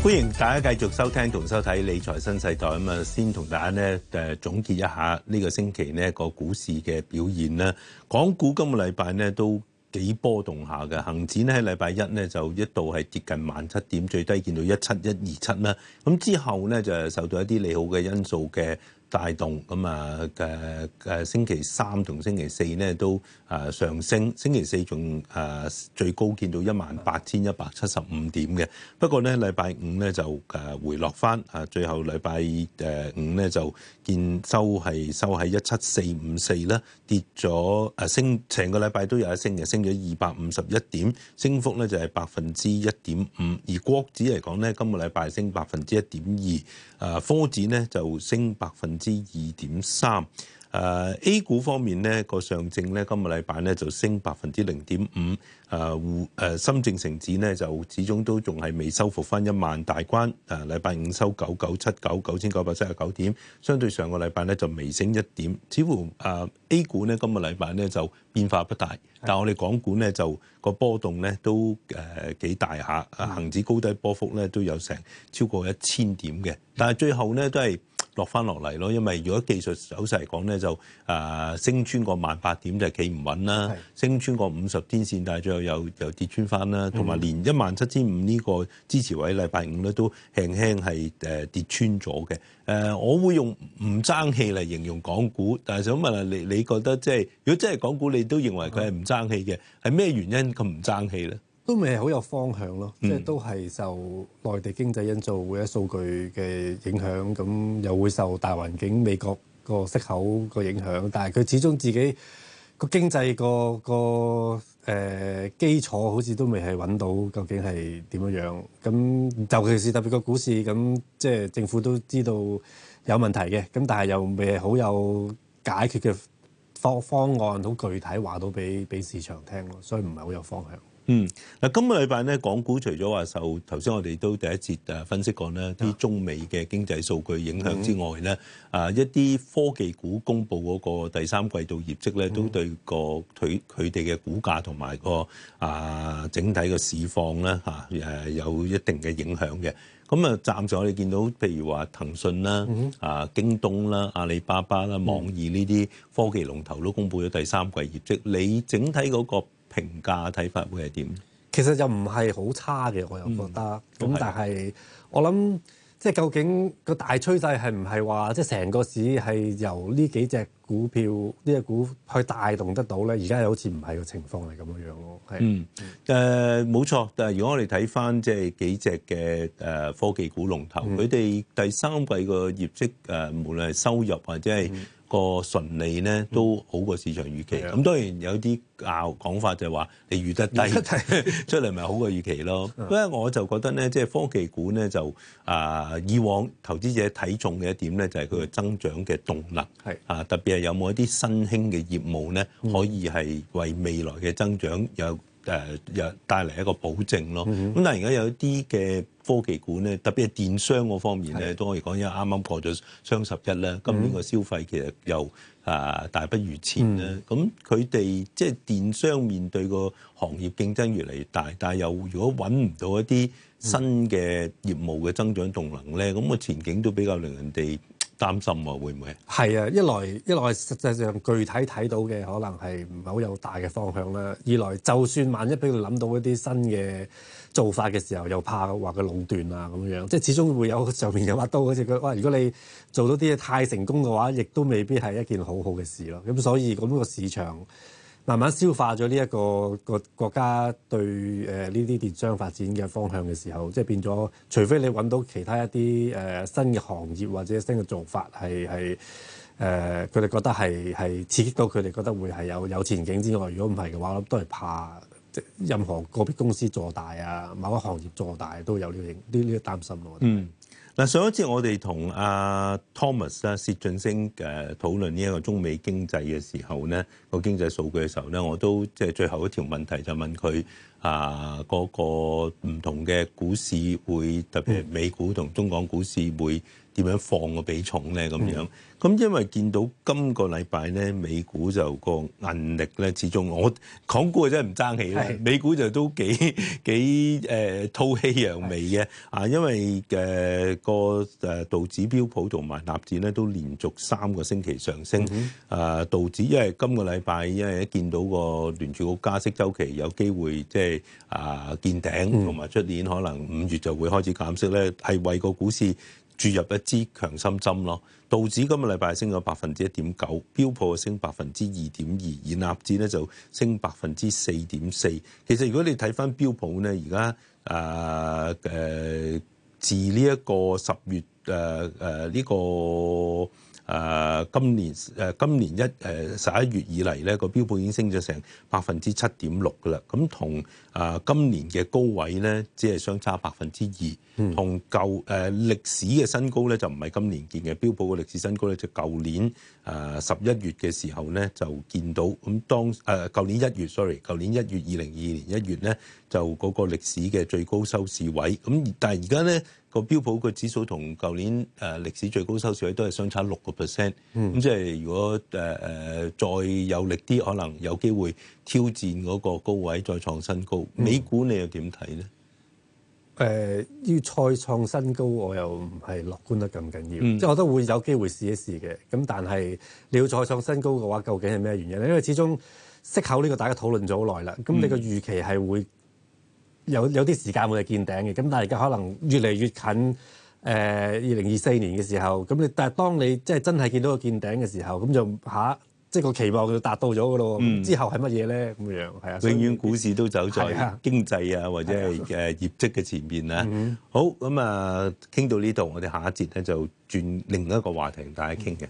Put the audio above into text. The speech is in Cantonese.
歡迎大家繼續收聽同收睇《理財新世代》。先同大家咧誒總結一下呢個星期呢個股市嘅表現啦。港股今個禮拜咧都幾波動下嘅，恒指咧喺禮拜一咧就一度係跌近萬七點，最低見到一七一二七啦。咁之後咧就受到一啲利好嘅因素嘅。帶動咁啊誒，誒星期三同星期四咧都誒上升，星期四仲誒最高見到一萬八千一百七十五點嘅。不過咧禮拜五咧就誒回落翻，啊最後禮拜誒五咧就見收係收喺一七四五四啦，跌咗誒升成個禮拜都有一升嘅，升咗二百五十一點，升幅咧就係百分之一點五。而國指嚟講咧，今個禮拜升百分之一點二，誒，科指咧就升百分。之二點三，誒、uh,，A 股方面呢、個上證呢，今日禮拜呢就升百分之零點五，誒、啊，滬、啊、深證成指呢，就始終都仲係未收復翻一萬大關，誒、啊，禮拜五收九九七九九千九百七十九點，相對上個禮拜呢，就微升一點，似乎、uh, A 股呢，今日禮拜呢就變化不大，但我哋港股呢，就、個波動呢都誒幾、呃、大下，誒，恒指高低波幅呢，都有成超過一千點嘅，但係最後呢，都係。落翻落嚟咯，因為如果技術走勢嚟講咧，就誒升穿個萬八點就企唔穩啦，是升穿個五十天線，但係最後又又跌穿翻啦，同埋連一萬七千五呢個支持位，禮拜五咧都輕輕係誒跌穿咗嘅。誒，我會用唔爭氣嚟形容港股，但係想問下你，你覺得即係如果真係港股，你都認為佢係唔爭氣嘅，係咩原因咁唔爭氣咧？都未係好有方向咯，即係都係受內地經濟因素或者數據嘅影響，咁又會受大環境美國個息口個影響，但係佢始終自己個經濟個個誒基礎好似都未係揾到究竟係點樣樣，咁尤其是特別個股市咁，即係政府都知道有問題嘅，咁但係又未係好有解決嘅方方案，好具體話到俾俾市場聽咯，所以唔係好有方向。嗯，嗱，今個禮拜咧，港股除咗話受頭先我哋都第一節誒分析過呢啲中美嘅經濟數據影響之外咧，嗯、啊，一啲科技股公布嗰個第三季度業績咧，嗯、都對個佢佢哋嘅股價同埋個啊整體嘅市況咧嚇誒，有一定嘅影響嘅。咁、嗯嗯、啊，暫時我哋見到譬如話騰訊啦、啊京東啦、阿里巴巴啦、網易呢啲科技龍頭都公布咗第三季業績，你整體嗰、個。評價睇法會係點？其實又唔係好差嘅，我又覺得。咁、嗯、但係我諗，即係究竟個大趨勢係唔係話，即係成個市係由呢幾隻股票呢隻股去帶動得到咧？而家又好似唔係個情況係咁樣樣咯。係誒冇錯，但係如果我哋睇返即係幾隻嘅誒科技股龍頭，佢哋、嗯、第三季個業績誒，無論係收入或者係。嗯個順利咧都好過市場預期，咁當然有啲拗講法就係話你預得低，得低 出嚟咪好過預期咯。因為 我就覺得咧，即係科技股咧就啊，以往投資者睇重嘅一點咧就係佢嘅增長嘅動力，啊特別係有冇一啲新興嘅業務咧可以係為未來嘅增長有。誒又帶嚟一個保證咯。咁但係而家有一啲嘅科技股咧，特別係電商嗰方面咧，的都可以講因為啱啱過咗雙十一啦，今年、嗯、個消費其實又啊大不如前啦。咁佢哋即係電商面對個行業競爭越嚟越大，但係又如果揾唔到一啲新嘅業務嘅增長動能咧，咁個、嗯、前景都比較令人哋。擔心喎，會唔會係？係啊，一來一來實際上具體睇到嘅可能係唔係好有大嘅方向啦。二來就算萬一俾佢諗到一啲新嘅做法嘅時候，又怕話佢壟斷啊咁樣。即係始終會有上面有把刀，好似佢哇！如果你做到啲嘢太成功嘅話，亦都未必係一件好好嘅事咯。咁所以咁個市場，慢慢消化咗呢一個個國家對誒呢啲電商發展嘅方向嘅時候，即係變咗，除非你揾到其他一啲誒新嘅行業或者新嘅做法係，係誒，佢哋、呃、覺得係，係刺激到佢哋覺得會係有有前景之外，如果唔係嘅話，我諗都係怕即任何個別公司做大啊，某個行業做大都有呢啲呢啲擔心咯。嗯。嗱，上一次我哋同阿 Thomas 啦，薛俊升誒討論呢一個中美經濟嘅時候咧，呢個經濟數據嘅時候咧，我都即係最後一條問題就問佢。啊！嗰個唔同嘅股市會，特別係美股同中港股市會點樣放個比重咧？咁樣咁，因為見到今個禮拜咧，美股就個壓力咧，始終我港股真係唔爭氣啦。美股就都幾幾誒吐氣揚眉嘅啊！因為誒個誒道指標普同埋納指咧都連續三個星期上升。啊，道指因為今個禮拜因為一見到個聯儲局加息週期有機會即係。係啊，見頂同埋出年可能五月就會開始減息咧，係為個股市注入一支強心針咯。道指今個禮拜升咗百分之一點九，標普升百分之二點二，而納指咧就升百分之四點四。其實如果你睇翻標普咧，而家啊誒自呢一個十月誒誒呢個。誒、啊、今年誒、啊、今年一誒十一月以嚟咧個標普已經升咗成百分之七點六㗎喇，咁同誒今年嘅高位咧只係相差百分之二，同舊誒、啊、歷史嘅新高咧就唔係今年見嘅，標普嘅歷史新高咧就舊年誒十一月嘅時候咧就見到，咁當誒舊、啊、年一月，sorry，舊年一月二零二二年一月咧就嗰個歷史嘅最高收市位，咁但係而家咧。個標普個指數同舊年誒歷史最高收市位都係相差六個 percent，咁即係如果誒誒、呃、再有力啲，可能有機會挑戰嗰個高位再創新高。美股你又點睇咧？誒、呃、要再創新高，我又唔係樂觀得咁緊要，即係、嗯、我都會有機會試一試嘅。咁但係你要再創新高嘅話，究竟係咩原因咧？因為始終息口呢個大家討論咗好耐啦，咁你個預期係會？有有啲時間會係見頂嘅，咁但係而家可能越嚟越近。誒、呃，二零二四年嘅時候，咁你但係當你即係真係見到個見頂嘅時候，咁就嚇、啊，即係個期望就達到咗㗎咯。嗯、之後係乜嘢咧？咁樣係啊，永遠股市都走在經濟啊，啊或者係誒業績嘅前面啊。啊啊好，咁啊，傾到呢度，我哋下一節咧就轉另一個話題同大家傾嘅。嗯。